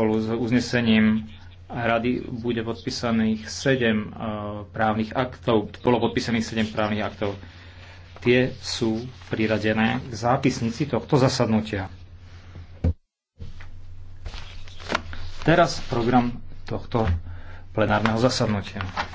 Spolu s uznesením rady bude podpísaných 7 eh, právnych aktov, bolo podpísaných 7 právnych aktov. Tie sú priradené k zápisnici tohto zasadnutia. Teraz program tohto plenárneho zasadnutia.